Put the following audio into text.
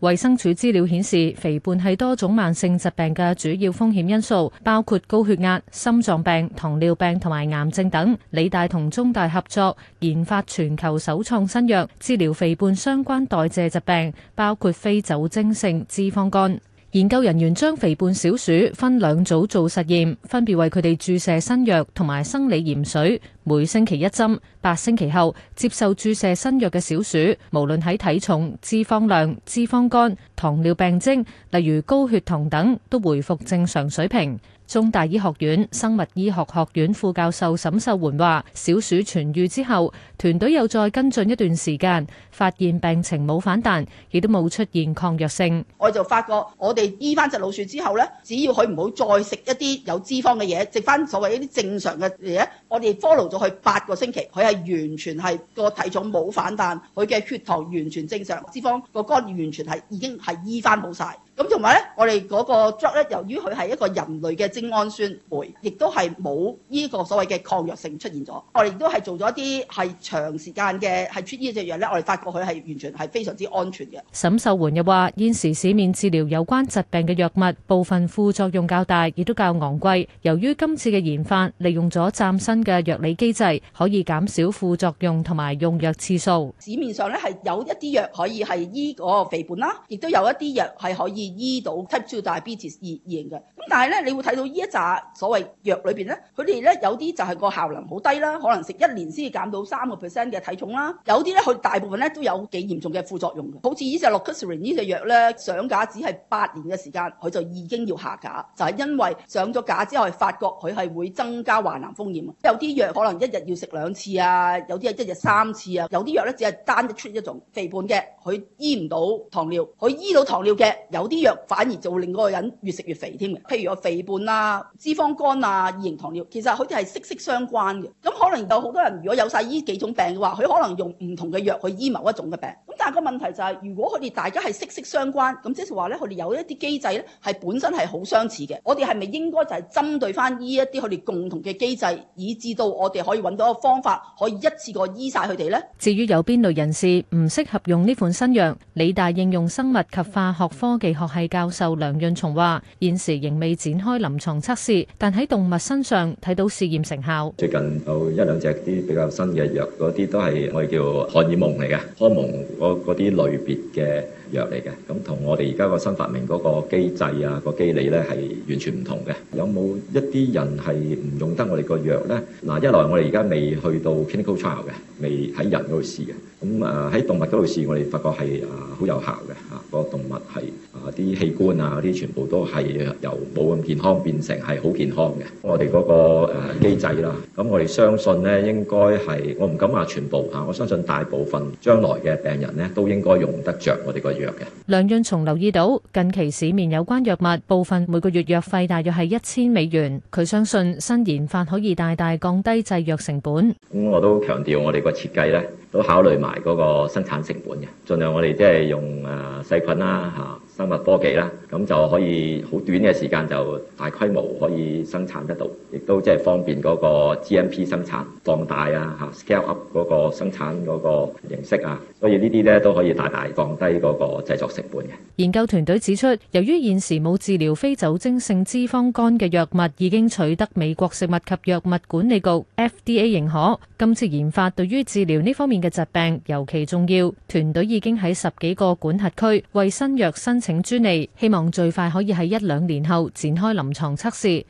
衛生署資料顯示，肥胖係多種慢性疾病嘅主要風險因素，包括高血壓、心臟病、糖尿病同埋癌症等。理大同中大合作，研發全球首創新藥，治療肥胖相關代謝疾病，包括非酒精性脂肪肝。研究人員將肥胖小鼠分兩組做實驗，分別為佢哋注射新藥同埋生理鹽水，每星期一針。八星期後，接受注射新藥嘅小鼠，無論喺體重、脂肪量、脂肪肝、糖尿病徵，例如高血糖等，都回復正常水平。中大醫學院生物醫學學院副教授沈秀媛話，小鼠痊癒之後，團隊又再跟進一段時間，發現病情冇反彈，亦都冇出現抗藥性。我就發覺，我哋醫翻隻老鼠之後咧，只要佢唔好再食一啲有脂肪嘅嘢，食翻所謂一啲正常嘅嘢，我哋 follow 咗佢八個星期，佢係完全係個體重冇反彈，佢嘅血糖完全正常，脂肪個肝完全係已經係醫翻好晒。咁同埋咧，我哋嗰個 drug 咧，由於佢係一個人類嘅精氨酸酶，亦都係冇呢個所謂嘅抗藥性出現咗。我哋亦都係做咗一啲係長時間嘅係出呢隻藥咧，我哋發覺佢係完全係非常之安全嘅。沈秀媛又話，現時市面治療有關疾病嘅藥物，部分副作用較大，亦都較昂貴。由於今次嘅研發利用咗嶄新嘅藥理機制，可以減少副作用同埋用藥次數，市面上咧係有一啲藥可以係醫嗰個肥胖啦，亦都有一啲藥係可以。醫到 type two diabetes 二型嘅，咁但係咧，你會睇到呢一紮所謂藥裏邊咧，佢哋咧有啲就係個效能好低啦，可能食一年先至減到三個 percent 嘅體重啦，有啲咧佢大部分咧都有幾嚴重嘅副作用嘅，好似依隻 Lorcaserin 呢隻藥咧，上架只係八年嘅時間，佢就已經要下架，就係因為上咗架之後係發覺佢係會增加患癌風險。有啲藥可能一日要食兩次啊，有啲一日三次啊，有啲藥咧只係單出一種肥胖嘅，佢醫唔到糖尿，佢醫到糖尿嘅有啲。藥反而就令嗰個人越食越肥添嘅，譬如，有肥胖啦、啊、脂肪肝啊、二型糖尿，其實佢哋係息息相關嘅。咁可能有好多人如果有晒呢幾種病嘅話，佢可能用唔同嘅藥去醫某一種嘅病。咁但係個問題就係、是，如果佢哋大家係息息相關，咁即係話咧，佢哋有一啲機制咧，係本身係好相似嘅。我哋係咪應該就係針對翻呢一啲佢哋共同嘅機制，以至到我哋可以揾到一個方法，可以一次過醫晒佢哋呢？至於有邊類人士唔適合用呢款新藥，理大應用生物及化學科技學係教授梁潤松話：現時仍未展開臨床測試，但喺動物身上睇到試驗成效。最近有一兩隻啲比較新嘅藥，嗰啲都係我哋叫荷爾蒙嚟嘅，荷爾蒙嗰嗰啲類別嘅藥嚟嘅。咁同我哋而家個新發明嗰個機制啊，個機理咧係完全唔同嘅。有冇一啲人係唔用得我哋個藥咧？嗱，一來我哋而家未去到 clinical trial 嘅，未喺人嗰度試嘅。咁啊喺動物嗰度試，我哋發覺係啊好有效嘅，嗰個動物係。啲器官啊，嗰啲全部都係由冇咁健康變成係好健康嘅。我哋嗰個誒機制啦，咁我哋相信咧應該係，我唔敢話全部吓，我相信大部分將來嘅病人咧都應該用得着我哋個藥嘅。梁潤松留意到近期市面有關藥物部分每個月藥費大約係一千美元，佢相信新研發可以大大降低製藥成本。咁我都強調我哋個設計咧都考慮埋嗰個生產成本嘅，盡量我哋即係用啊細菌啦吓。生物科技啦，咁就可以好短嘅時間就大規模可以生產得到，亦都即係方便嗰個 GMP 生產放大啊吓 scale up 嗰個生產嗰個形式啊，所以呢啲咧都可以大大降低嗰個製作成本嘅。研究團隊指出，由於現時冇治療非酒精性脂肪肝嘅藥物已經取得美國食物及藥物管理局 FDA 認可，今次研發對於治療呢方面嘅疾病尤其重要。團隊已經喺十幾個管轄區為新藥申請請專利，希望最快可以喺一兩年後展開臨床測試。